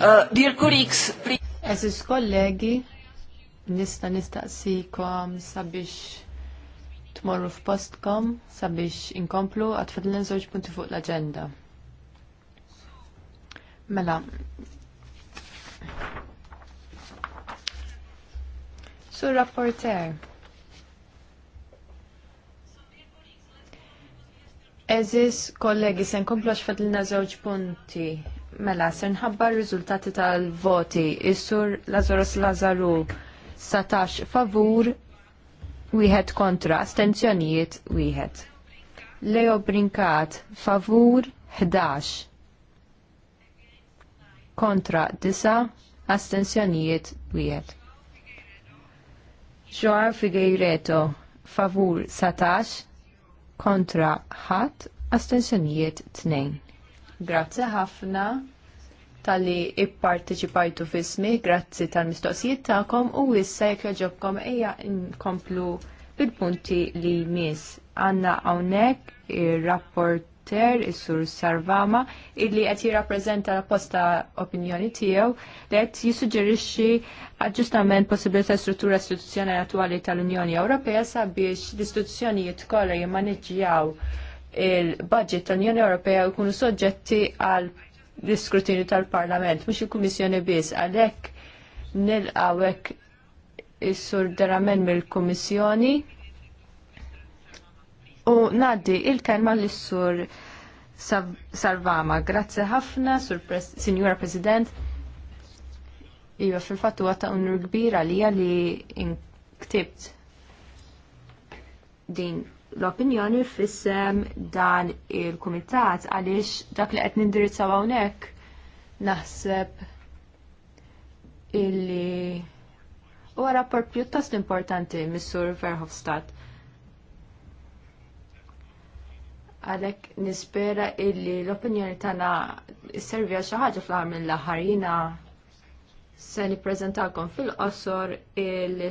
Uh, dear colleagues, please. Eżis kollegi, nista nistaqsikom sabiex tmorru f'postkom sabiex inkomplu għatfadlin żewġ punti fuq l-agenda. Mela, Sur rapporter. Eżis kollegi, sen komplu għax fadlina żewġ punti Mela, sen ħabba r-riżultati tal-voti. Is-sur Lazarus Lazaru 17 favur, wieħed kontra, astenzjonijiet wieħed. Leo Brinkat favur 11. Kontra 9, astenzjonijiet wieħed. Joao Figueiredo favur 17, kontra ħadd, astenzjonijiet 2. Grazzi ħafna tal-li ipparteċipajtu fismi, grazzi tal-mistoqsijiet ta'kom u issa jekk joġobkom eja nkomplu bil-punti li mis. Għanna għawnek il-rapporter il-sur Sarvama illi għet jirrapprezenta l posta opinjoni tijew li għet jisuġerixi aġġustament possibilità struttura istituzzjonali attuali tal-Unjoni Ewropea sabiex l-istituzzjonijiet kollha jimmaneġġjaw il-budget tal-Unjoni Ewropea jkunu soġġetti għal l-iskrutinju tal-Parlament, mhux il-Kummissjoni biss, għalhekk hekk is-sur deramen mill-Kummissjoni u ngħaddi il-kelma lis-sur Salvama. Grazzi ħafna, sur Sinjura President. Iva fil-fatt huwa ta' unur kbir għalija li nktibt din l-opinjoni fissem dan il-kumitat għaliex dak li qed nindirizzaw hawnhekk naħseb illi huwa rapport pjuttost importanti mis-Sur Verhofstadt. Għalhekk nispera illi l-opinjoni tagħna sservja xi ħaġa fl-aħħar mill-aħħar jiena se nippreżentalkom fil-qosor il-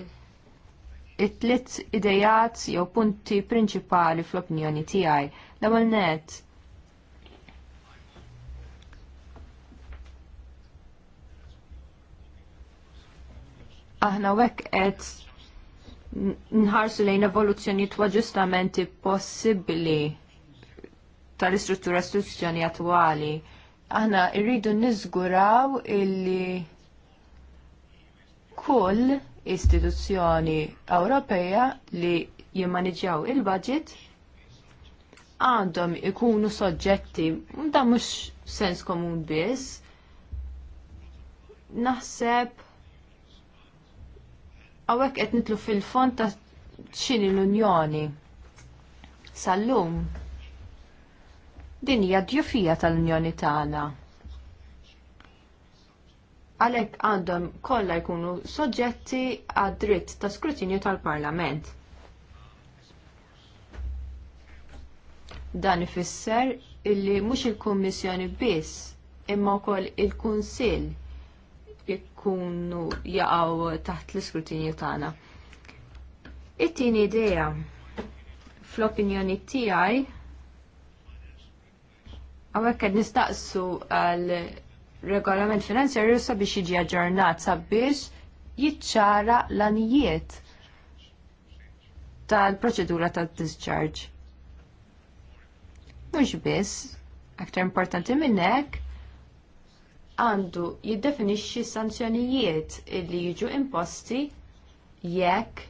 it-tliet idejat jew punti prinċipali fl-opinjoni tiegħi. L-ewwel net aħna wekk qed nħarsu lejn evoluzzjoni u aġġustamenti possibbli tal-istruttura istituzzjoni attwali. Aħna rridu niżguraw illi kull istituzzjoni Ewropea li jimmaniġjaw il-budget għandhom ikunu soġġetti, da mhux sens komun biss, naħseb għawek qed nitlu fil-fond ta' xini l-Unjoni. Sallum, din hija djufija tal-Unjoni tagħna għalhekk għandhom kollha jkunu soġġetti għad dritt ta' skrutinju tal-Parlament. Dan ifisser illi mhux il-Kummissjoni biss imma wkoll il-Kunsill jkunu jaqgħu taħt l-iskrutinju tagħna. It-tieni idea fl-opinjoni tiegħi hawnhekk qed nistaqsu għal regolament finanzjarju sabiex jiġi aġġornat sabiex jiċċara l-anijiet tal-proċedura tad-discharge. Mhux biss, aktar importanti minn hekk, għandu jiddefinixxi sanzjonijiet illi jiġu imposti jekk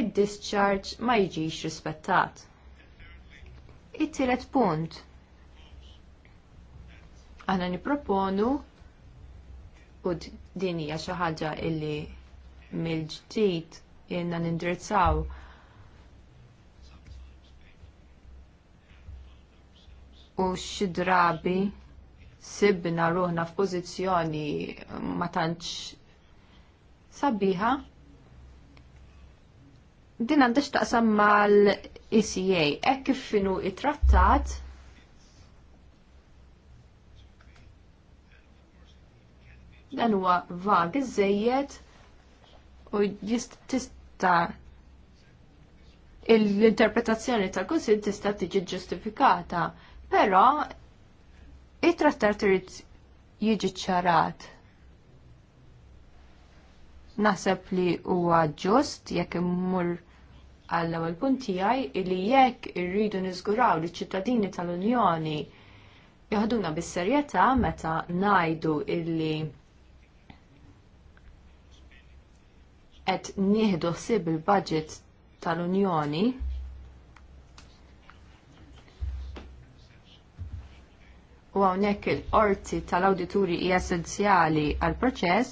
id-discharge ma jiġix rispettat. It-tielet punt Aħna nipproponu u din hija xi ħaġa illi mill-ġdid jenna nindirizzaw u xi drabi sibna ruħna f'pożizzjoni ma tantx sabiħa din għandax taqsam mal-ECA, hekk kif inhu it-trattat dan huwa vag iżejjed u tista' l-interpretazzjoni tal-Kunsill tista' tiġi ġustifikata, però it-trattar trid jiġi ċarat. Naħseb li huwa ġust jekk immur għall ewwel punt tiegħi li jekk irridu niżguraw li ċittadini tal-Unjoni jaħduna bis-serjetà meta ngħidu illi qed nieħdu ħsieb il-budget tal-Unjoni u hawnhekk il-qorti tal-awdituri hija essenzjali għal proċess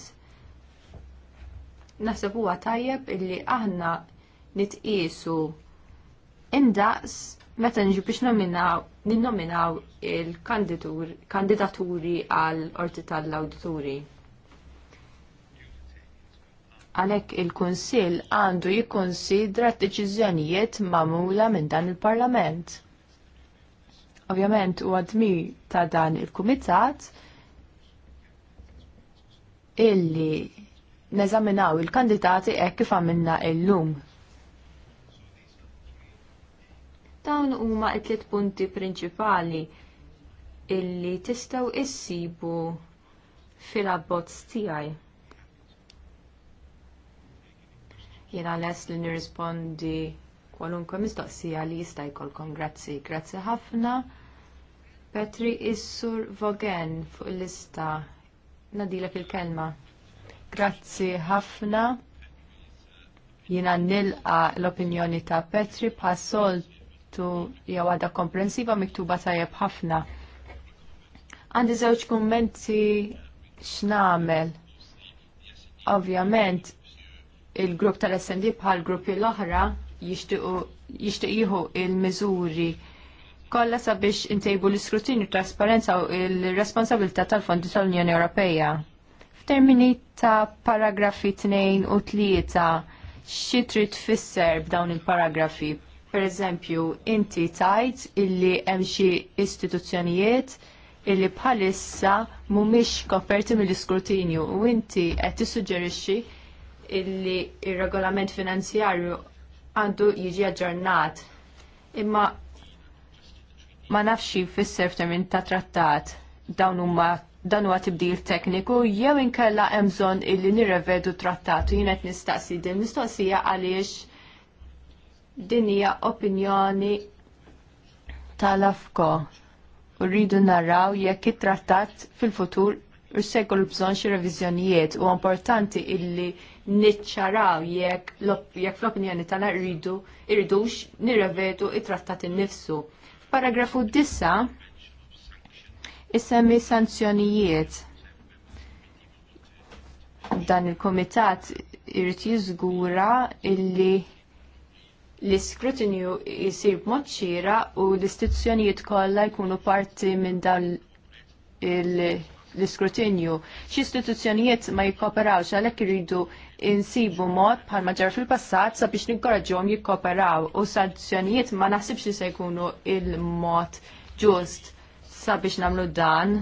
naħseb huwa tajjeb illi aħna nitqiesu indaqs meta niġu biex ninnominaw il-kandidaturi għal qorti tal-awdituri. Għalhekk il-Kunsill għandu jikkonsidra d-deċiżjonijiet magħmula minn dan il-Parlament. Ovvjament huwa għadmi ta' dan il-Kumitat illi neżaminaw il-kandidati hekk kif għamilna illum. Dawn huma t-tliet punti prinċipali illi tistgħu issibu fil-abbozz tiegħi. Jiena les li nirrispondi kwalunkwe mistoqsija li jista' jkollkom. Grazzi, grazzi ħafna. Petri Issur Vogen fuq il-lista. Nadilek il-kelma. Grazzi ħafna. Jiena nilqa l-opinjoni ta' Petri soltu jew għada komprensiva miktuba tajjeb ħafna għandi żewġ kummenti x'namel. Ovvjament il-grupp tal-SND bħal gruppi l-oħra jixtiequ jieħu il-miżuri kollha sabiex intejbu l-iskrutinju trasparenza u l-responsabilità tal-Fondi tal-Unjoni Ewropea. F'termini ta' paragrafi 2 u 3 xi trid tfisser b'dawn il-paragrafi. Per eżempju, inti tajt illi hemm xi istituzzjonijiet illi bħalissa mhumiex koperti mill-iskrutinju u inti qed tissuġġerixxi illi il-regolament finanzjarju għandu jiġi aġġornat. Imma ma nafx fisser termin ta' trattat dawn huma dan huwa tibdil tekniku jew inkella hemm bżonn illi nirrevedu trattat u jien qed nistaqsi din mistoqsija għaliex din hija opinjoni tal-afko u rridu naraw jekk it-trattat fil-futur jissegħu l-bżon xi reviżjonijiet u importanti illi niċċaraw jekk l opinjoni tagħna rridu irridux nirrevedu it-trattat innifsu. Paragrafu 9 issemmi sanzjonijiet. Dan il-komitat irid jiżgura illi l-iskrutinju jisir b'mod xira u l-istituzzjonijiet kollha jkunu parti minn dan il- l-iskrutinju. Xi istituzzjonijiet ma jikkoperawx għalhekk jiridu insibu mod bħal ma fil-passat sabiex ninkoraġġhom jikkoperaw u sanzjonijiet ma naħsibx li se jkunu il-mod ġust sabiex nagħmlu dan.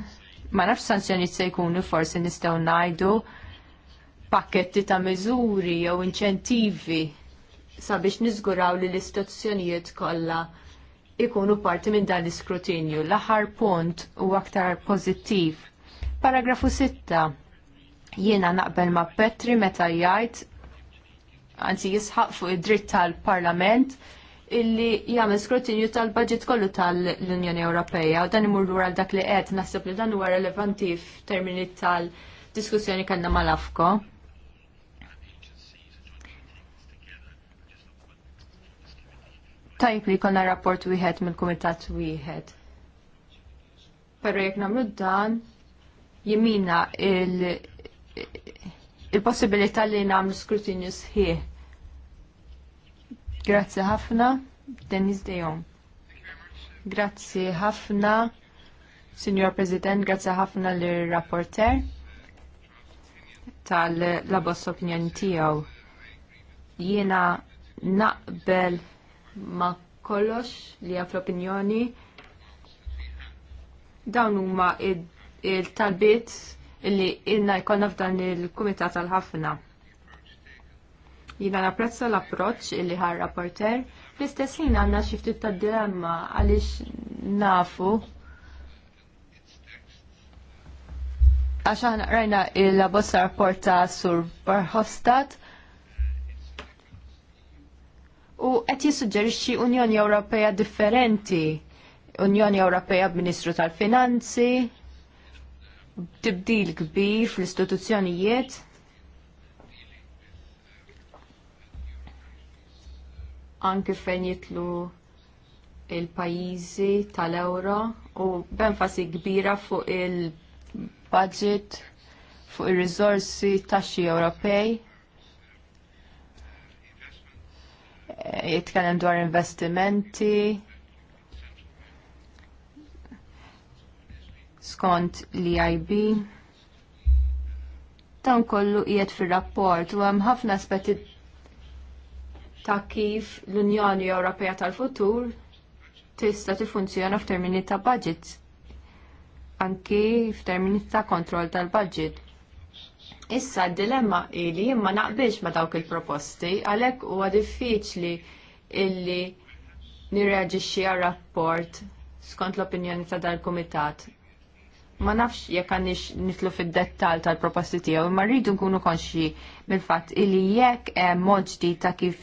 Ma nafx sanzjonijiet se jkunu forsi nistgħu ngħidu pakketti ta' miżuri jew inċentivi sabiex niżguraw li l-istituzzjonijiet kollha ikunu parti minn dan l-iskrutinju. L-aħħar punt u aktar pożittiv Paragrafu 6. Jiena naqbel ma' Petri meta jgħid anzi jisħaq fuq id-dritt tal-Parlament illi jagħmel skrutinju tal-budget kollu tal-Unjoni Ewropea u dan imur lura għal dak li qed naħseb li dan huwa relevanti f'termini tal-diskussjoni kellna mal-Afko. Tajb li jkollna rapport wieħed mill-kumitat wieħed. Però jekk nagħmlu dan, jimina il-possibilità il li namlu skrutinju sħiħ. Grazzi ħafna, Denis Dejon. Grazzi ħafna, Signor President, grazzi ħafna l-rapporter tal-labos opinjoni tiegħu. Jiena naqbel ma' kollox li għaf l-opinjoni dawn huma id il-talbiet illi ilna jkollna f'dan il-Kumitat tal-ħafna. Jina napprezza l-approċ li ħar rapporter, fl-istess ħin għandna xi ftit ta' dilemma għaliex nafu għax rajna il-bossa rapporta ta' Sur Barhostat u qed jissuġġerixxi Unjoni Ewropea differenti, Unjoni Ewropea b'Ministru tal-Finanzi, tibdil kbir fl-istituzzjonijiet anke fejn jitlu il-pajizi tal-euro u b'enfasi kbira fuq il-budget, fuq il-rizorsi taxxi Ewropej. Eh, jitkellem dwar investimenti, skont li IB. Dan kollu qiegħed fir-rapport u hemm ħafna aspetti ta' kif l-Unjoni Ewropea tal-futur tista' tiffunzjona f'termini ta' budget. Anki f'termini ta' kontroll tal-budget. Issa d-dilemma ili imma naqbilx ma' dawk il-proposti għalhekk huwa diffiċli illi nirreaġixxi għar rapport skont l-opinjoni ta' dal-Kumitat ma nafx jekk għandix nitlu fid-dettal tal-proposti tiegħu, imma rridu nkunu konxi mill-fatt illi jekk hemm mod ġdid ta' kif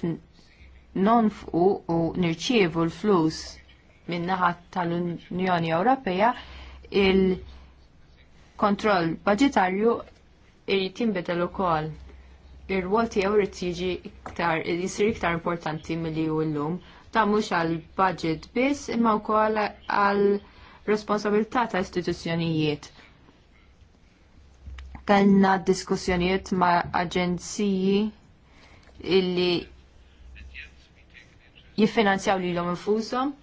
nonfqu u nirċievu l-flus min-naħa tal-Unjoni Ewropea, il-kontroll budgetarju irid jinbidel ukoll. Ir-rwol tiegħu irid jiġi iktar jisir iktar importanti milli hu llum. Ta' mhux għall budget biss imma wkoll għal, -għal responsabilità ta' istituzzjonijiet. Kellna diskussjonijiet ma' aġenziji illi jiffinanzjaw li l-om infusom,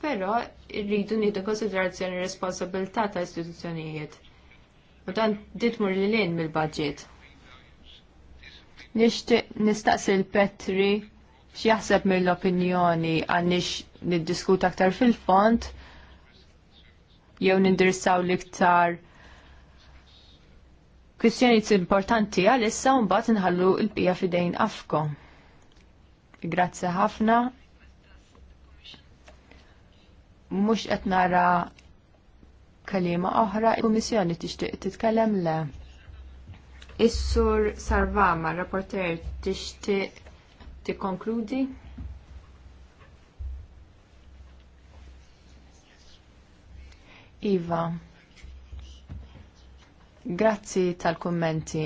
pero rridu nidu konsiderazzjoni responsabilità ta' istituzzjonijiet. U dan ditmur li l-in mill-budget. Nishtiq nistaqsi l-Petri x'jaħseb mill-opinjoni għannix niddiskuta aktar fil-font jew nindirsaw l-iktar kwistjonijiet importanti għalissa u mbagħad inħallu l-bija fidejn afko. Grazzi ħafna. Mhux qed nara kalima oħra, il-Kummissjoni tixtieq titkellem le. Is-sur Sarvama, rapporter, tixtieq tikkonkludi? Iva, grazzi tal-kommenti.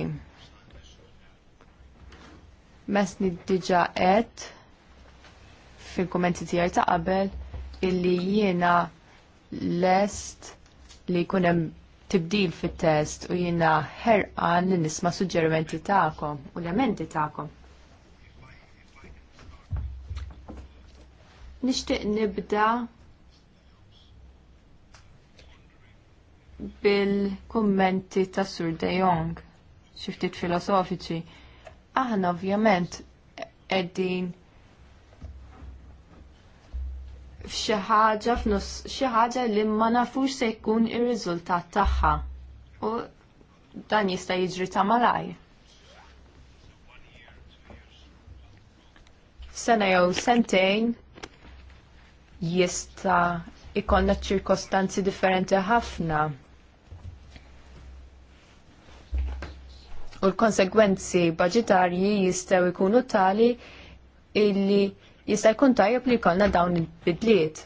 Mesni diġa għed fil-kommenti tiegħi ta' qabel illi jiena lest li jkun hemm tibdil fit-test u jiena herqan li nisma' suġġerimenti tagħkom u l-emendi tagħkom. Nixtieq nibda bil-kummenti ta' Sur De Jong, xiftit filosofiċi. Aħna ovvjament eddin f'xi ħaġa f'nus xi ħaġa li ma nafux se jkun ir-riżultat tagħha. U dan jista' jiġri ta' malaj. Sena jew sentejn jista' ikollna ċirkostanzi differenti ħafna u l-konsegwenzi budgetarji jistgħu jkunu tali illi jista' jkun tajjeb li jkollna dawn il-bidliet.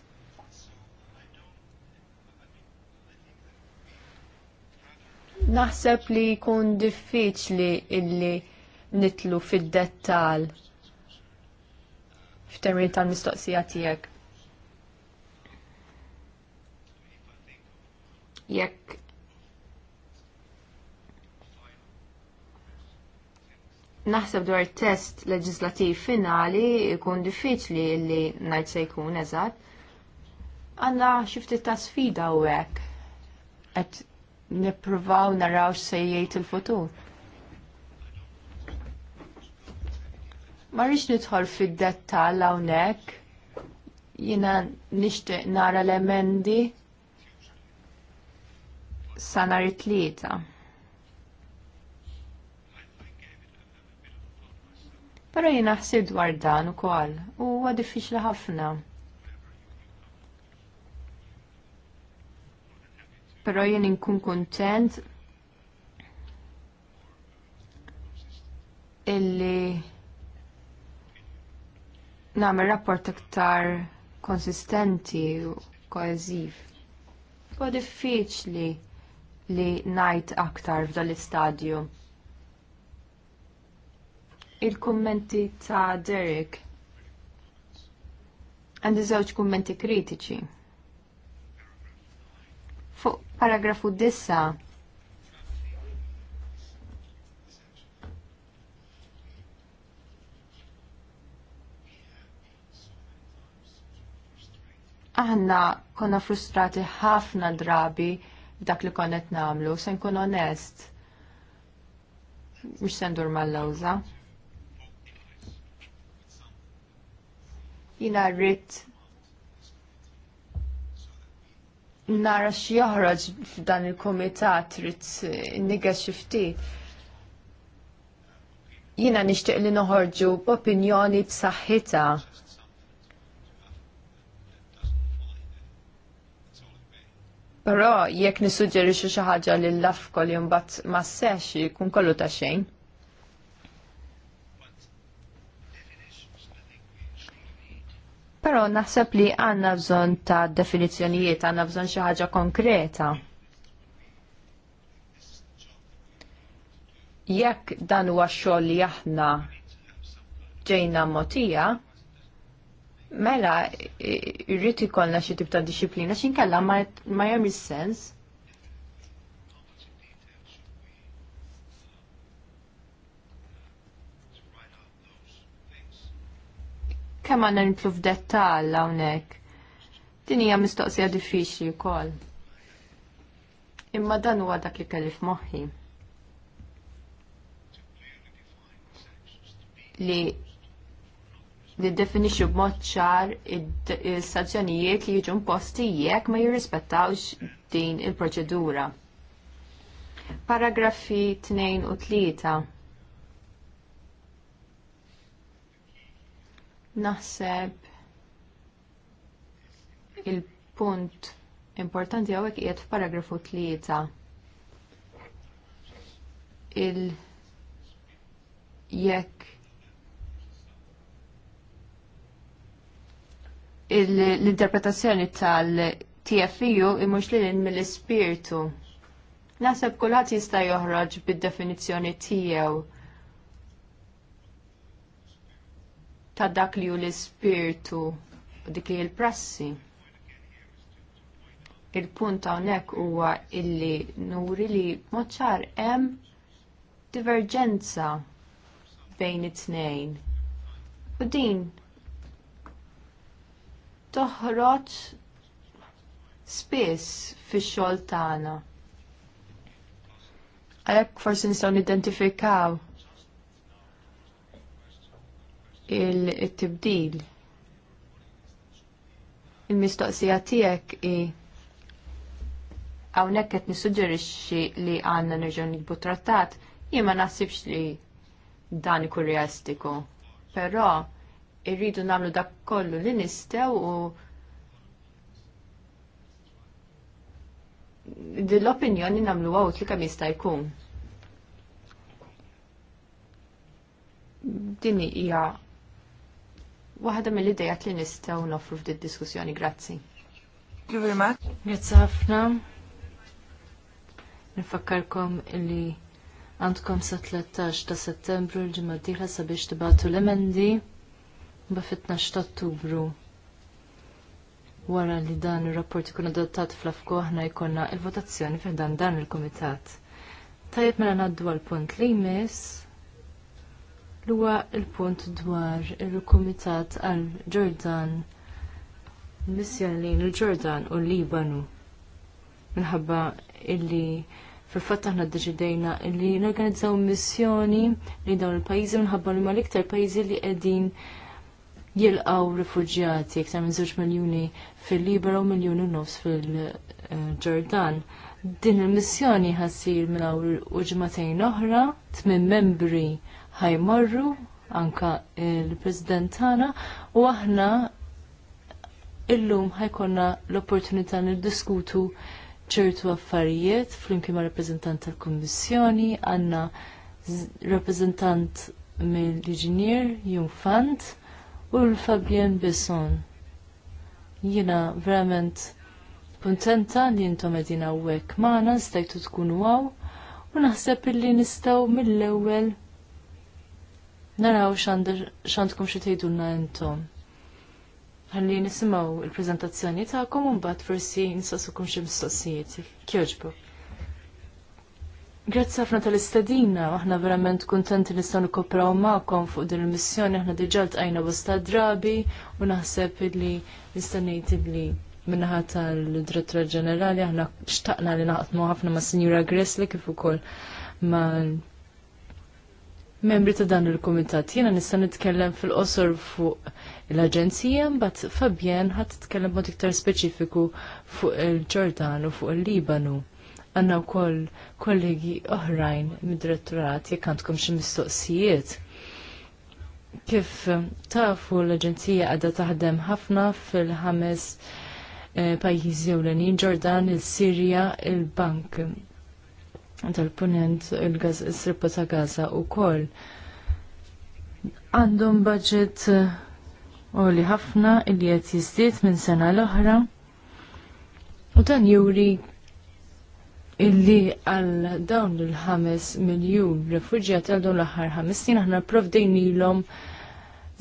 Naħseb li jkun diffiċli illi nitlu fid-dettal f'termin tal-mistoqsija tiegħek. Jekk naħseb dwar test leġislativ finali jkun diffiċli li ngħid se jkun eżatt. Għandna xi ftit ta' sfida hawnhekk qed nippruvaw naraw se jgħid il-futur. Ma rridx nidħol fid-dettall hawnhekk. Jiena nixtieq nara l-emendi sa nhar it-tlieta. Pero jina ħsib dwar dan u kol, u għadifix ħafna. Pero jien nkun kontent illi namer rapport aktar konsistenti u koeziv. Għadifix diffiċli li najt aktar f'dal-istadju il-kummenti ta' Derek. Għandi żewġ kummenti kritiċi. Fuq paragrafu 9 aħna konna frustrati ħafna drabi dak li konnet namlu, sen kun onest, mux sendur mal-lawza. Jina rrit nara xi f'dan il-kumitat rrit niga xi ftit. Jiena nixtieq li noħorġu b'opinjoni b'saħħita. Però jekk nissuġġeri xi ħaġa lill lafkol jumbat ma sex ikun kollu ta' xejn. Però naħseb li għandna bżonn ta' definizzjonijiet, għandna bżonn xi ħaġa konkreta. Jekk dan huwa xogħol li aħna ġejna motija, mela irrid ikollna xi tip ta' disciplina x'inkella ma, ma sens. kemm għandna nitlu f'dettall hawnhekk. Din hija mistoqsija diffiċli wkoll. Imma dan huwa dak li kelli f'moħħi. Li niddefinixxu b'mod ċar is sazzjonijiet li jiġu imposti jekk ma jirrispettawx din il-proċedura. Paragrafi 2 u 3 Naħseb il-punt importanti għawek qiegħed f'paragrafu tlieta il jekk l-interpretazzjoni tal-TFU imux li mill-ispirtu. Naħseb kulħadd jista' joħroġ bid-definizzjoni tiegħu ta' dak li hu l-ispirtu u dik li l-prassi. Il-punt hawnhekk huwa illi nuri li moċar ċar hemm diverġenza bejn it-tnejn. U din toħroġ spiss fix-xogħol tagħna. Għalhekk forsi nistgħu nidentifikaw il-tibdil. Il-mistoqsija tiegħek i hawnhekk qed nissuġġerixxi li għandna nerġgħu nikbu trattat, jien ma naħsibx li dan ikun realistiku. Però irridu nagħmlu dak kollu li nistew u dil-opinjoni namlu għawt li kam jista' jkun. Din hija waħda mill-idejat li nistgħu nofru f'din diskussjoni. Grazzi. Grazzi ħafna. Nifakkarkom li għandkom sa 13 ta' settembru l-ġimgħa d-dieħla sabiex tibatu l-emendi ba' 12 ta' ottubru wara li dan ir-rapport ikun adottat fl-afko aħna jkollna il-votazzjoni fih dan dan il-kumitat. Tajjeb mela ngħaddu għal punt li jmiss l huwa il-punt dwar il-Kumitat għal Ġordan missjon li il-Ġordan u l-Libanu minħabba illi fil-fatt aħna deċidejna illi norganizzaw missjoni li dawn il-pajjiżi minħabba li mal-iktar pajjiżi li qegħdin jilqaw rifuġjati iktar minn żewġ miljuni fil-Libanu u miljuni nofs fil-Ġordan. Din il-missjoni ħassir minn hawn u ġimagħtejn oħra tmien membri ħajmorru anka il-President tagħna u aħna illum ħajkonna l-opportunità niddiskutu ċertu affarijiet flimkien ma' rappreżentant tal-Kummissjoni, għandna rappreżentant mill-Inġinier Jumfant u l-Fabien Besson. Jiena verament kuntenta li intom qegħdin hawnhekk magħna stajtu tkunu għaw u naħseb illi nistgħu mill-ewwel naraw xandkom xi tgħidulna jentom. Ħalli nisimgħu il-preżentazzjoni tagħkom u bat forsi nistaqsukom xi mistoqsijiet. Kjoġbu. Grazzi ħafna tal-istadina, aħna verament kuntenti nistgħu kopraw ma'kom fuq din il-missjoni, aħna diġà għajna bosta drabi u naħseb li nista' ngħid li minnaħa tal-Direttura Ġenerali aħna xtaqna li naħatmu ħafna ma' Sinjura Gressli kif ukoll ma' membri ta' dan il-komitat. Jena nista' nitkellem fil-qosor fuq l-Aġenzija, mbagħad Fabien ħadd titkellem mod iktar speċifiku fuq il-Ġordan u fuq il-Libanu. Għanna wkoll kollegi oħrajn mid-direttorat jekk għandkom xi mistoqsijiet. Kif tafu l-Aġenzija għadha taħdem ħafna fil-ħames eh, pajjiżi ewlenin Ġordan, il-Sirja, il-Bank tal-punent il il-gaż-Sripa ta' Gaza u kol Għandhom budget u uh, li ħafna li qed jiżdied minn sena l-oħra u dan juri illi għal dawn il-5 miljun refugjat għal dawn l-aħħar 5 snin aħna provdejn ilhom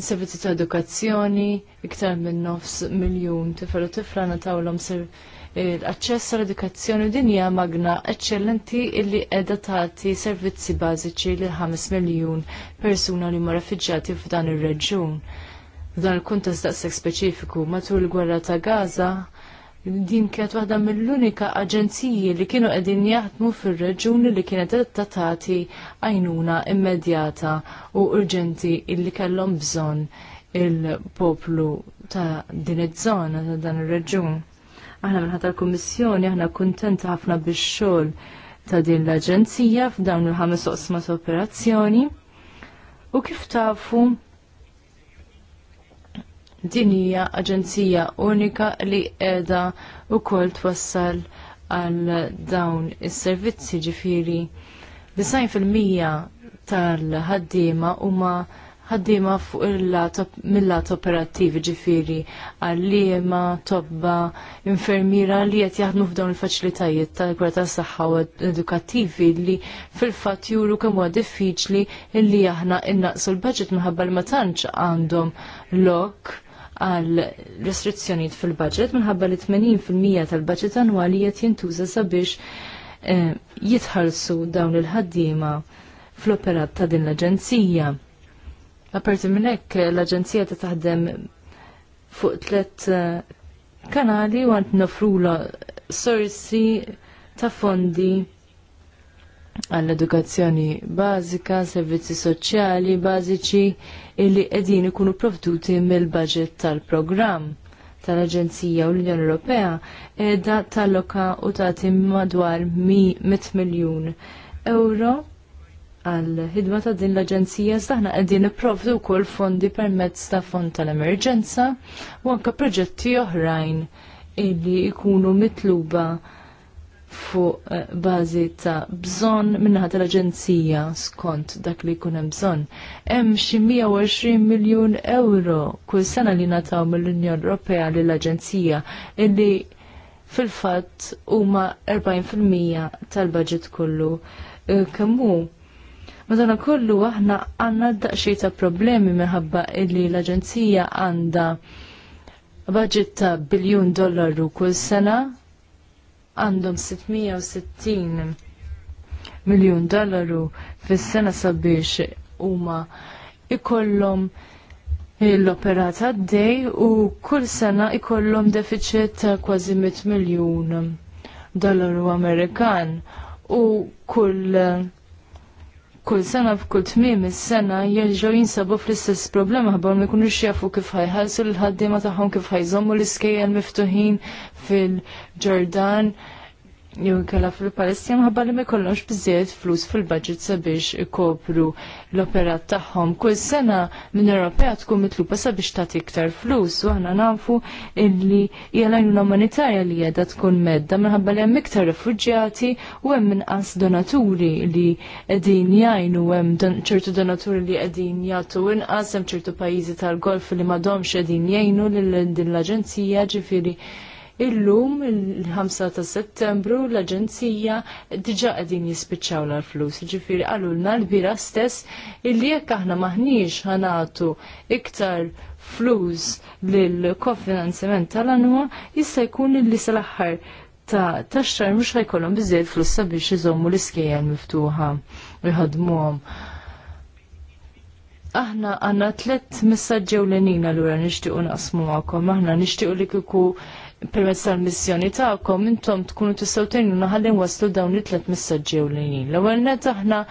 servizzi ta' edukazzjoni, iktar minn nofs miljun tifel u tifla natawlhom servizzi l-aċċess għal edukazzjoni din hija magna eċċellenti illi qiegħda servizzi bażiċi lil 5 miljun persuna li huma refuġġjati f'dan ir-reġjun. F'dan il-kuntest daqshekk speċifiku matul il-gwerra ta' Gaza din kienet waħda mill-unika aġenziji li kienu qegħdin jaħdmu fir-reġuni li kienet qed għajnuna immedjata u urġenti illi kellhom bżonn il-poplu ta' din iż-żona ta' dan ir-reġun. Aħna minħat tal-Kummissjoni aħna kuntenta ħafna bix-xogħol ta' din l-Aġenzija f'dawn il-ħames oqsma ta' operazzjoni. U kif tafu din hija aġenzija unika li qiegħda wkoll twassal għal dawn is-servizzi ġifieri 90% tal-ħaddiema huma ma ħaddiema fuq mill-lat operattivi ġifiri għallima, tobba, infermiera li qed jaħdmu f'dawn il-faċilitajiet tal-kura tas-saħħa u edukattivi li fil-fatt juru kemm huwa diffiċli li aħna innaqsu l-budget minħabba li ma tantx għandhom lok għal restrizzjonijiet fil-budget minħabba li 80% tal-budget annwali qed jintuża sabiex eh, jitħallsu dawn il-ħaddiema fl-operat ta' din l-Aġenzija. Aparti minn hekk l-Aġenzija ta' taħdem fuq tliet eh, kanali u għand nofrula sorsi ta' fondi għall-edukazzjoni bażika, servizzi soċjali bażiċi illi qegħdin ikunu provduti mill-budget tal-programm tal-Aġenzija u l-Unjoni Ewropea edha tal-loka u tagħti madwar 100 miljun euro għal ħidma ta' din l-Aġenzija staħna qegħdin iprovdu wkoll fondi permezz ta' fond tal-emerġenza u anke proġetti oħrajn illi jkunu mitluba fuq eh, bażi ta' bżonn minnaħa tal-Aġenzija skont dak li jkun hemm bżonn. Hemm xi 120 miljun euro kull sena li nataw mill-Unjoni Ewropea l aġenzija illi fil-fatt huma 40% tal-baġit kollu eh, kemm hu Madonna kollu aħna għanna daqxie ta' problemi minħabba illi l-Aġenzija għanda budget ta' biljun dollaru kull sena għandhom 660 miljon dollaru fis-sena sabiex huma ikollhom l-operata d-dej u kull sena ikollhom deficit ta' kważi 100 miljun dollaru Amerikan u kull kull sena f'kull tmiem is-sena jerġgħu jinsabu fl-istess problema ħabbar ma jkunux jafu kif ħajħalsu l-ħaddiema tagħhom kif ħajżommu l-iskejjel miftuħin fil-Ġordan jew inkella fil-Palestina minħabba li ma jkollhomx biżejjed flus fil-budget sabiex ikopru l-operat tagħhom. Kull sena minn Ewropea tkun mitluba sabiex tagħti iktar flus u aħna nafu illi hija l-għajnuna umanitarja li qiegħda tkun medda minħabba li hemm iktar refuġjati u hemm inqas donaturi li qegħdin jgħinu hemm ċertu donaturi li qegħdin jagħtu inqas hemm ċertu pajjiżi tal-golf li m'għadhomx qegħdin jgħinu lil din l-aġenzija ġifieri illum il-5 ta' settembru l-Aġenzija diġa qegħdin jispiċċaw l-flus. Ġifiri, qalulna l-bira stess illi jekk aħna maħniex ħanatu iktar flus l kofinanzjament tal-anwa jista' jkun illi sal-aħħar ta' taċċar mhux ħajkollhom biżejjed flus sabiex iżommu l-iskejjel miftuħa jħadmuhom. Aħna għanna tlet messagġew l-nina l-għura nishtiqu naqsmu għakom, aħna nishtiqu li kiku permezz tal-missjoni tagħkom intom tkunu tistgħu tgħinu ħalli waslu dawn it tliet messaġġi ewlenin. L-ewwel net aħna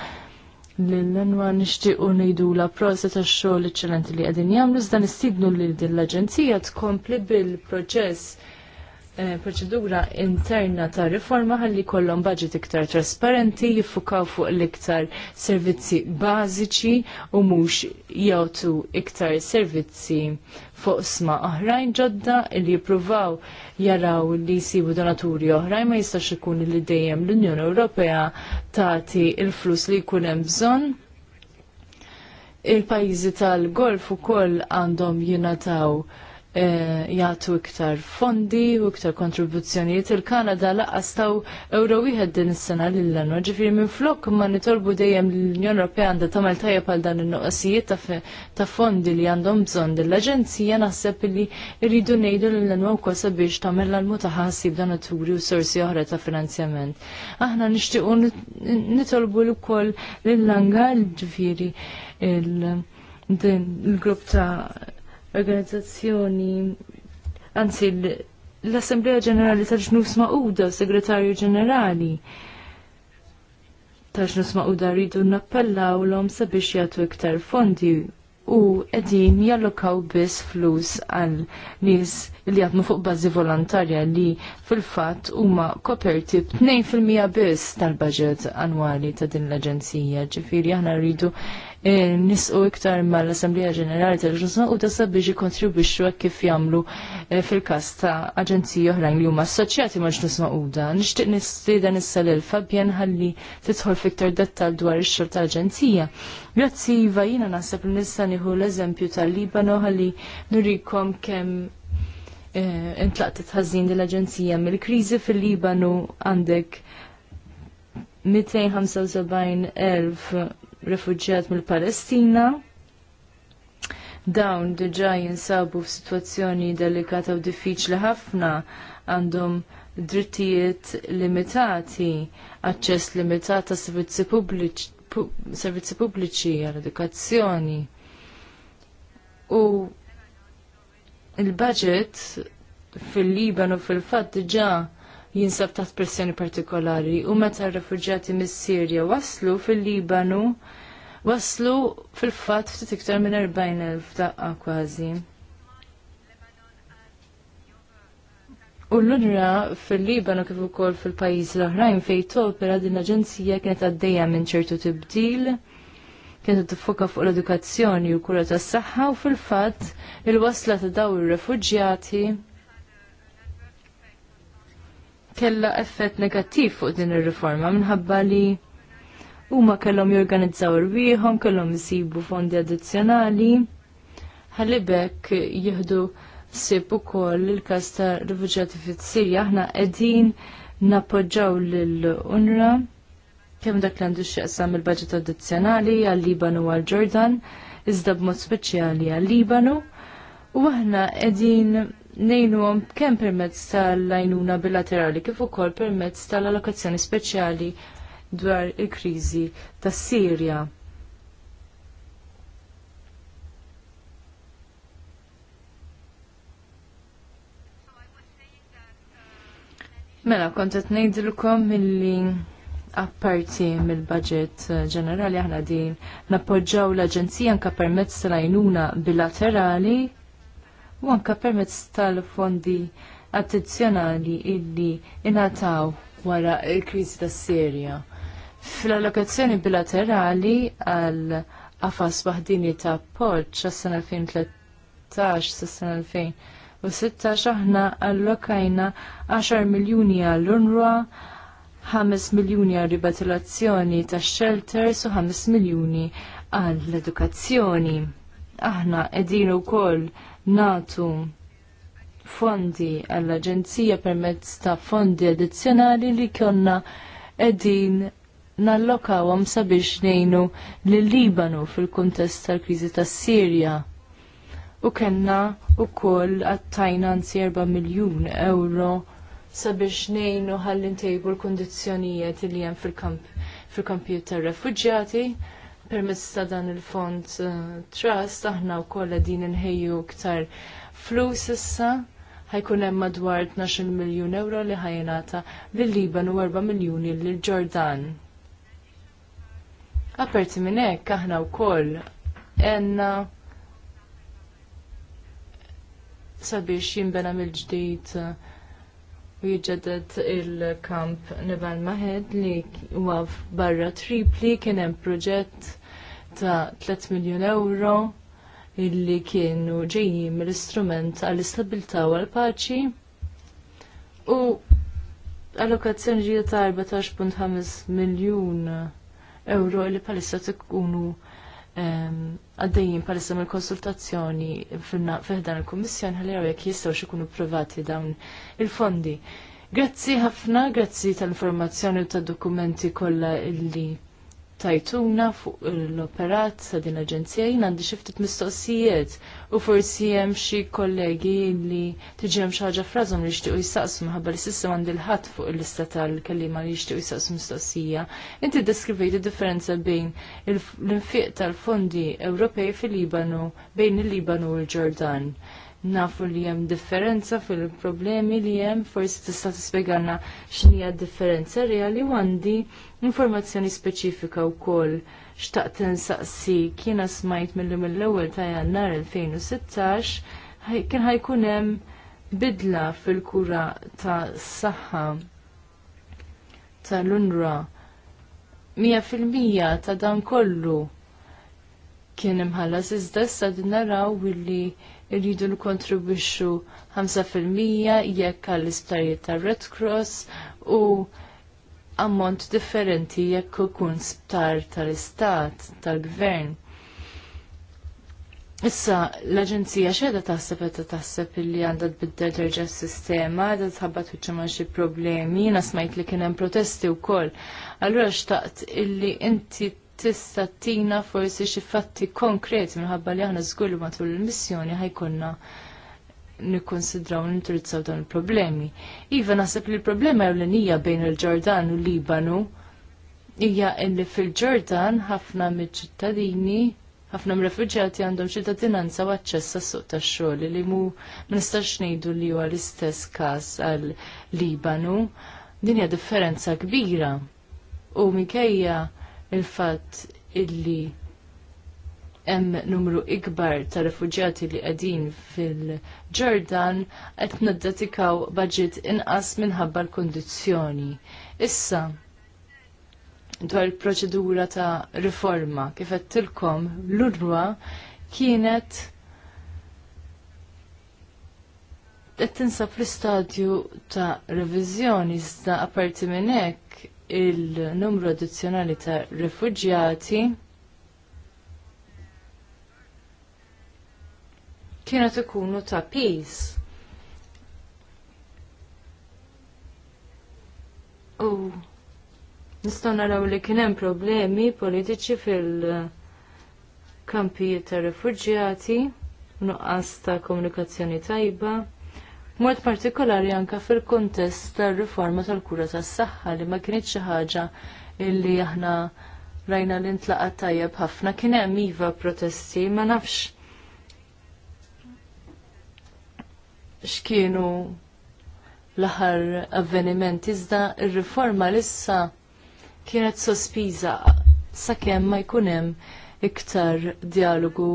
l-lenwa nixtiequ ngħidu la prosa tax-xogħol eċċellenti li qegħdin jagħmlu iżda nistidnu lil din l-aġenzija tkompli bil-proċess Eh, proċedura interna ta' riforma ħalli kollhom budget iktar trasparenti, jiffukaw fuq l-iktar servizzi bażiċi u mhux jagħtu iktar servizzi fuq sma oħrajn ġodda li jippruvaw jaraw li jsibu donaturi oħrajn ma jistax ikun li dejjem l-Unjoni Ewropea tagħti il-flus li jkun hemm bżonn. Il-pajjiżi tal-golf ukoll għandhom jingħataw Eh, jagħtu iktar fondi u iktar kontribuzzjonijiet il-Kanada laqas taw euro wieħed din is-sena lil anwa ġifieri minflok ma nitolbu dejjem l-Unjoni Ewropea għandha tagħmel tajjeb għal dan in-noqosijiet ta' fondi li għandhom bżonn l aġenzija naħseb li rridu ngħidu lill anwa wkoll sabiex tagħmel l-almu taħassib dan turi u sorsi oħra ta' finanzjament. Aħna nixtiequ nitolbu ukoll lil-langar ġifieri il-grupp ta' organizzazzjoni, anzi l-Assemblea Ġenerali tal-ġnus Mauda, Segretarju Ġenerali tal-ġnus Mauda rridu nappellaw l-om sabiex jagħtu iktar fondi u edin jallokaw biss flus għal nis li jatmu fuq bazzi volontarja li fil-fat huma koperti b'2% biss tal-budget annwali ta' din l-aġenzija. Ġifiri aħna rridu E, nisqu iktar mal assemblija Ġenerali tal u tasab sabiex jikontribwixxu hekk kif jagħmlu e, fil-każ ta' aġenziji oħrajn li huma assoċjati ma' Ġnus Maquda. Nixtieq nistieden issa il-Fabjan ħalli tidħol fiktar dettal dwar ix-xogħol tal-Aġenzija. Grazzi Iva jiena naħseb li nista' nieħu l-eżempju tal-Libano ħalli nurikom kemm e, intlaqt tħażin dil-Aġenzija mill-kriżi fil-Libanu għandek 275,000 refuġġjat mill-Palestina. Dawn diġà jinsabu f'sitwazzjoni delikata u diffiċli ħafna għandhom drittijiet limitati, aċċess limitat ta' servizzi pubbliċi għal edukazzjoni. U il-budget fil-Libanu fil fat diġà jinsab taħt pressjoni partikolari u meta r-refuġjati mis-Sirja waslu fil-Libanu waslu fil-fatt ftit iktar minn 40,000 daqqa kważi. U l-unra fil-Libanu kif ukoll fil-pajjiżi l-oħrajn fejn topera din l-aġenzija kienet għaddejja minn ċertu tibdil kienet tiffoka fuq l-edukazzjoni u kura tas-saħħa u fil-fatt il-wasla ta' daw ir-refuġjati kella effett negattiv fuq din ir-riforma minħabba li huma kellhom jorganizzaw irwieħhom, kellhom isibu fondi addizzjonali ħalibek jieħdu sib ukoll il-każ ta' rifuġjati fis-Sirja aħna qegħdin nappoġġaw lill-UNRWA kemm dak li għandu x'jaqsam il-baġit addizzjonali għal-Libanu għal-Ġordan, iżda b'mod speċjali għal-Libanu, u aħna qegħdin għom kemm permezz tal lajnuna bilaterali kif ukoll permezz tal-allokazzjoni speċjali dwar il-kriżi tas-Sirja. Mela, kont qed ngħidilkom milli apparti mill-budget ġenerali aħna din nappoġġaw l-Aġenzija nka permezz tal ajnuna bilaterali u anke permezz tal-fondi addizzjonali illi ingħataw wara l-kriżi tas-Sirja. Fl-allokazzjoni bilaterali għal afas waħdini ta' appoġġ għas-sena 2013 sas-sena 2000 u aħna allokajna 10 miljuni għall-UNRWA, 5 miljuni għal ribatilazzjoni ta' shelters u 5 miljuni għall-edukazzjoni. Aħna edinu kol natu fondi għall-Aġenzija permezz ta' fondi addizzjonali li konna edin nallokawhom sabiex ngħinu lil Libanu fil-kuntest tal-kriżi tas-Sirja. U kellna wkoll għattajna anzi 4 miljun euro sabiex ngħinu ħalli ntejbu l-kundizzjonijiet li hemm fil-kamp fil-kampijiet tar-refuġjati. fil kampju fil tar refuġjati fil Permess ta' dan il-fond eh, trust aħna wkoll din inħejju iktar flus issa ħajkun hemm madwar 12 miljun euro li ħajnata lill-Liban u 4 miljuni lil Ġordan. Aperti minn hekk aħna wkoll għandna sabiex jinbena mill-ġdid eh, u jiġġedet il-kamp Nibal Maħed li huwa barra tripli kien hemm proġett ta' 3 miljon euro illi kienu ġejjin mill-istrument għall-istabilta u għall-paċi u allokazzjoni ġija ta' 14.5 miljun euro li palissa tkunu ehm, għaddejjin palissa mill konsultazzjoni fiħdan il kummissjoni għalli għaw jek jistaw xikunu privati dawn il-fondi. Grazzi ħafna, grazzi tal-informazzjoni u tal-dokumenti kollha illi tajtuna fuq l-operat sa din l-Aġenzija jien għandi xi ftit mistoqsijiet u forsi hemm xi kollegi li tiġem xi ħaġa frazhom li jixtiequ jisaqsum minħabba li s'issa għandi l ħat fuq il-lista tal-kelliema li jixtiequ jisaqsum mistoqsija. Inti ddeskrivejt differenza bejn l-infiq tal-fondi Ewropej fil-Libanu bejn il-Libanu u l-Ġordan nafu li hemm differenza fil-problemi li hemm forsi tista' tispjegana x'inhi differenza reali u għandi informazzjoni speċifika wkoll xtaqt tinsaqsi kiena smajt mill mill-ewwel ta' Jannar 2016 kien ħajkun hemm bidla fil-kura ta' saħħa tal-UNRWA mija fil-mija ta' dan kollu kien imħallas iżda issa din naraw illi rridu nkontribwixxu 5% jekk għall-isptarijiet tar Red Cross u ammont differenti jekk ikun sptar tal-istat, tal-gvern. Issa, l-Aġenzija xedha taħseb qed taħseb illi għandha tbiddel terġa' s-sistema, għadha tħabbat wiċċa xi problemi, nasmajt smajt li kien hemm protesti wkoll. Allura xtaqt illi inti tista' tina forsi xi fatti konkreti minħabba li aħna żgur li matul il-missjoni ħajkonna nikkonsidraw nintrizzaw dawn il-problemi. Iva naħseb li l-problema ewlenija bejn il-Ġordan u l-Libanu hija li fil-Ġordan ħafna mill-ċittadini ħafna refuġjati għandhom ċittadinanza u aċċess għas-suq tax-xogħol li mu ma nistax ngħidu li huwa l-istess każ għal Libanu. Din hija differenza kbira. U minkejja il-fatt illi hemm numru ikbar ta' refuġjati li qegħdin fil-Ġordan qed naddetikaw budget inqas minħabba l-kondizzjoni. Issa dwar il-proċedura ta' riforma kif qed tilkom l-urwa kienet qed tinsab l-istadju ta' reviżjoni iżda apparti minn hekk il-numru addizzjonali ta' refugjati kienet ikunu ta' peace. U nistgħu naraw li kien hemm problemi politiċi fil-kampijiet ta' refuġjati, nuqqas ta' komunikazzjoni tajba mod partikolari anke fil-kuntest tar-riforma tal-kura tas-saħħa li ma kienx xi ħaġa illi aħna rajna li ntlaqat tajjeb ħafna kien hemm iva protesti ma nafx x'kienu l-aħħar avveniment iżda r-riforma lissa kienet sospiża sakemm ma jkun hemm iktar dialogu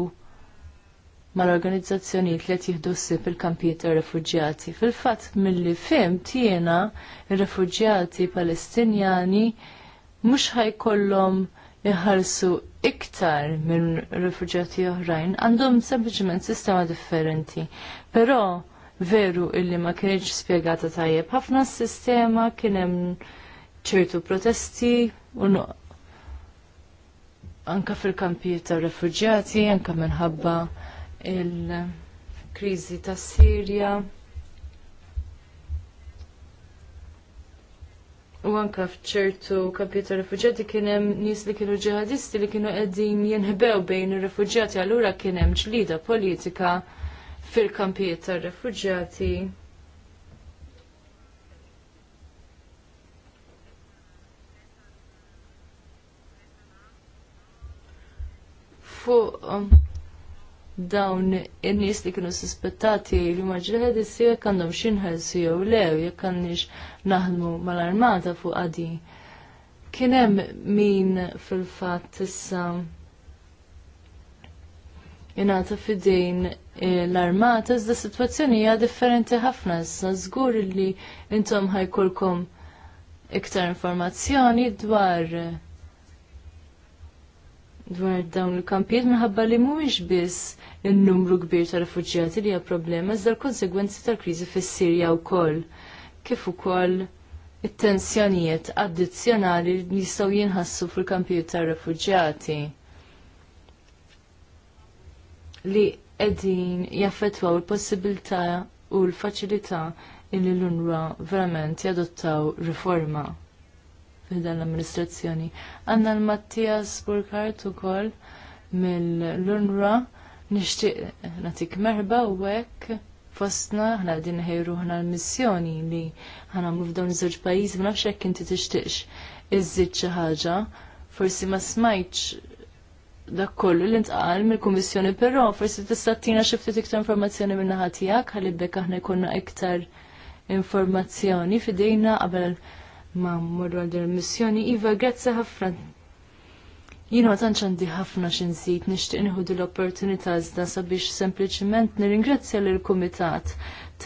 mal-organizzazzjonijiet li qed jieħdu ssib il-kampijiet tar refuġjati. Fil-fatt milli fim tiena ir-refuġjati Palestinjani mhux ħajkollhom iħarsu iktar minn refuġjati oħrajn għandhom sempliċement sistema differenti. Però veru illi ma kienx spjegata tajjeb ħafna s-sistema kien hemm ċertu protesti u anka fil-kampijiet tar refuġjati, anka minħabba il-kriżi tas Sirja. U anka fċertu kapita rifugjati kien hemm nies li kienu ġihadisti li kienu qegħdin jinħbew bejn ir-rifuġjati allura kien hemm ġlida politika fil-kampijiet tar-rifuġjati. Fuq um, dawn in-nies li kienu suspettati li ma ġrieħed issir jekk għandhom xinħelsu jew lew jekk għandniex naħdmu mal-armata fuq għadi. Kien hemm min fil-fatt issa jingħata fidejn eh, l-armata iżda sitwazzjoni hija differenti ħafna issa żgur li intom ħajkolkom iktar informazzjoni dwar dwar dawn il-kampijiet minħabba li mhuwiex biss in-numru kbir ta' rifuġjati li hija problema iżda l-konsegwenzi tal-kriżi fis-Sirja wkoll. Kif ukoll it-tensjonijiet addizzjonali li jistgħu jinħassu fil-kampijiet tar-rifuġjati li qegħdin jaffettwaw il-possibilità u l-faċilità li l-UNRWA verament jadottaw riforma f'dan l-amministrazzjoni. Għanna l-Mattias u ukoll mill lunra nixtieq nagħtik merba u hekk fostna ħna din ħejru l-missjoni li ħanamlu f'dawn iż-żewġ pajjiżi ma nafx jekk inti tixtieqx iżżid xi ħaġa, forsi ma smajtx dak kollu li ntqal mill-Kummissjoni, però forsi tista' tina xi ftit iktar informazzjoni minn naħa tiegħek ħalli bekk aħna jkollna iktar informazzjoni f'idejna qabel ma mmorru għal din il-missjoni. Iva, grazzi ħafna. Jina tantx għandi ħafna xinżid nixtieq nieħu l-opportunità zda sabiex nir nirringrazzja lill-kumitat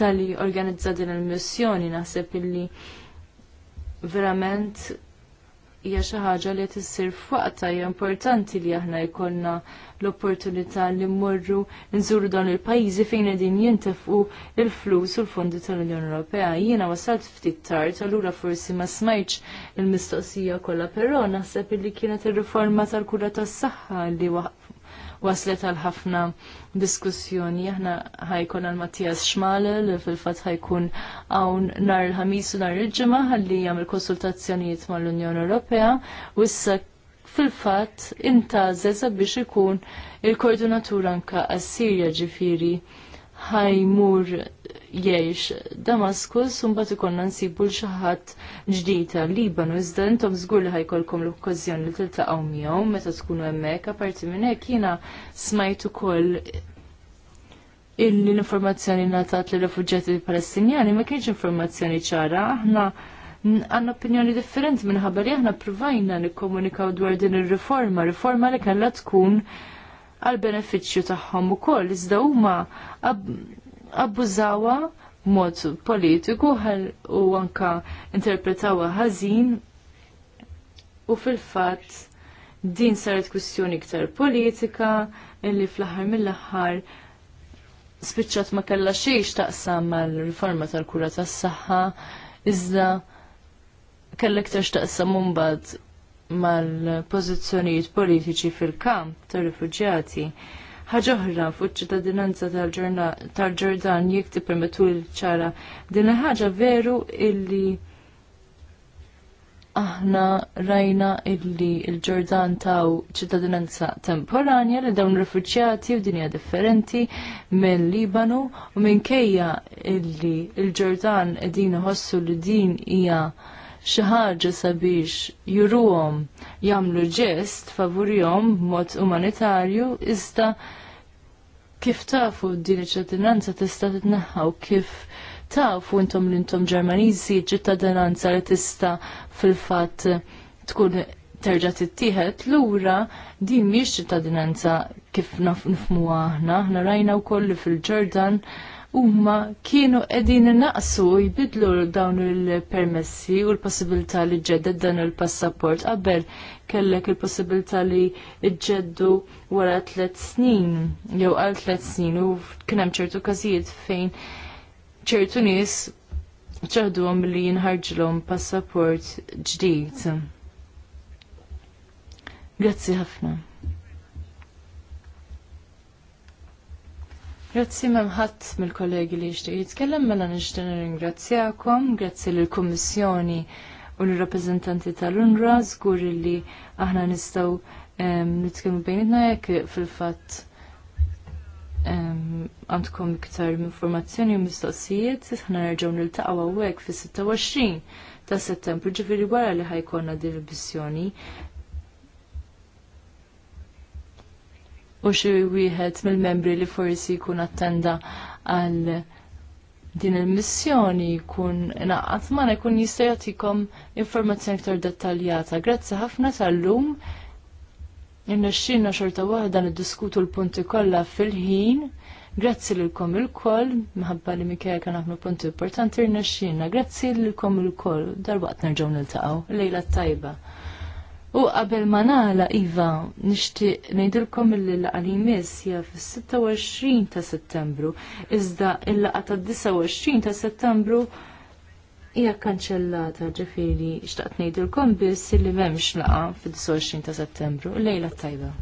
tal-li organizza din il-missjoni naħseb illi verament hija xi ħaġa li tissir issir f'waqta hija importanti li aħna jkollna l-opportunità li mmorru nżuru dawn il-pajjiżi fejn qegħdin jintefqu il-flus u l-fondi tal-Unjoni Ewropea. Jiena wasalt ftit tard, allura forsi ma smajtx il-mistoqsija kollha, però naħseb li kienet ir-riforma tal-kura tas-saħħa li waslet għal ħafna diskussjoni. Aħna ħajkun għal Mattias Schmalel fil-fatt ħajkun hawn nar il-ħamis u nar il-ġimgħa ħalli konsultazzjoniet konsultazzjonijiet mal-Unjoni Ewropea u issa fil-fatt intażel biex ikun il-koordinatur anka għas-Sirja ġifieri ħajmur jgħix Damaskus un bat ikonna nsibu l-xaħat ġdita Libanu iżda intom żgur li ħajkolkom l-okkażjoni li tiltaqgħu miegħu meta tkunu hemmhekk aparti minn hekk jiena smajt ukoll l-informazzjoni ngħatat li refuġjati Palestinjani ma kienx informazzjoni ċara aħna għanna opinjoni differenti minħabba li aħna provajna nikkomunikaw dwar din ir-riforma, riforma li kellha tkun għal benefiċċju tagħhom ukoll iżda huma abbużawha mod politiku u anka interpretawha ħażin u fil-fatt din saret kwistjoni iktar politika illi fl-aħħar mill-aħħar spiċċat ma kellha xejn taqsam mal-riforma tal-kura tas-saħħa iżda kellek terx x'taqsam mbagħad mal-pożizzjonijiet politiċi fil-kamp tar-rifuġjati. Ħaġa oħra fuq ċittadinanza tal-Ġordan jekk tippermettu l-ċara din ħaġa veru illi aħna rajna illi l-Ġordan taw ċittadinanza temporanja li dawn rifuġjati u dinja differenti minn Libanu u minkejja illi l-Ġordan qegħdin iħossu li din hija xi ħaġa sabiex juruhom jagħmlu ġest favurihom b'mod umanitarju iżda kif tafu din iċ-ċittadinanza tista' titneħħaw kif tafu intom l-intom Ġermaniżi ċittadinanza li tista' fil-fatt tkun terġa' tittieħed lura din mhix ċittadinanza kif nafmuha aħna. Aħna rajna wkoll fil-Ġordan huma kienu qegħdin naqsu jbidlu dawn il-permessi u l-possibilità li ġedded dan il-passaport qabel kellek il-possibilità li ġeddu wara tliet snin jew għal tliet snin u kien hemm ċertu każijiet fejn ċertu nies għom li jinħarġilom passaport ġdid. Grazzi ħafna. Grazzi memħat mill-kollegi li jishtiq jitkellem mela nixtieq ringrazzjakom, grazzi lill-Kummissjoni u l-rappreżentanti tal-UNRWA zgur li aħna nistgħu ehm, nitkellmu bejnietna jekk fil-fatt ehm, għandkom iktar informazzjoni u mistoqsijiet, aħna nerġgħu niltaqgħu hawnhekk fis-26 ta' Settembru ġifieri wara li ħajkonna din il u xi wieħed mill-membri li forsi jkun attenda għal din il-missjoni jkun naqqat magħna kun jista' jagħtikom informazzjoni aktar dettaljata. Grazzi ħafna tal-lum irnexxina xorta waħda niddiskutu l-punti kollha fil-ħin. Grazzi lilkom il-koll, minħabba li Mikael kan ħafna punti importanti irnexxina. Grazzi lilkom il-koll, darbaqt nerġgħu niltaqgħu. Lejla t tajba. U qabel ma nagħla iva nixtieq ngħidilkom milli l-laqa li jmiss hija fis-26 ta' Settembru, iżda l-laqa tad-29 ta' Settembru hija kanċellata ġifieri xtaqt ngħidilkom biss li m'hemmx laqa fid-29 ta' Settembru. Lejla tajba.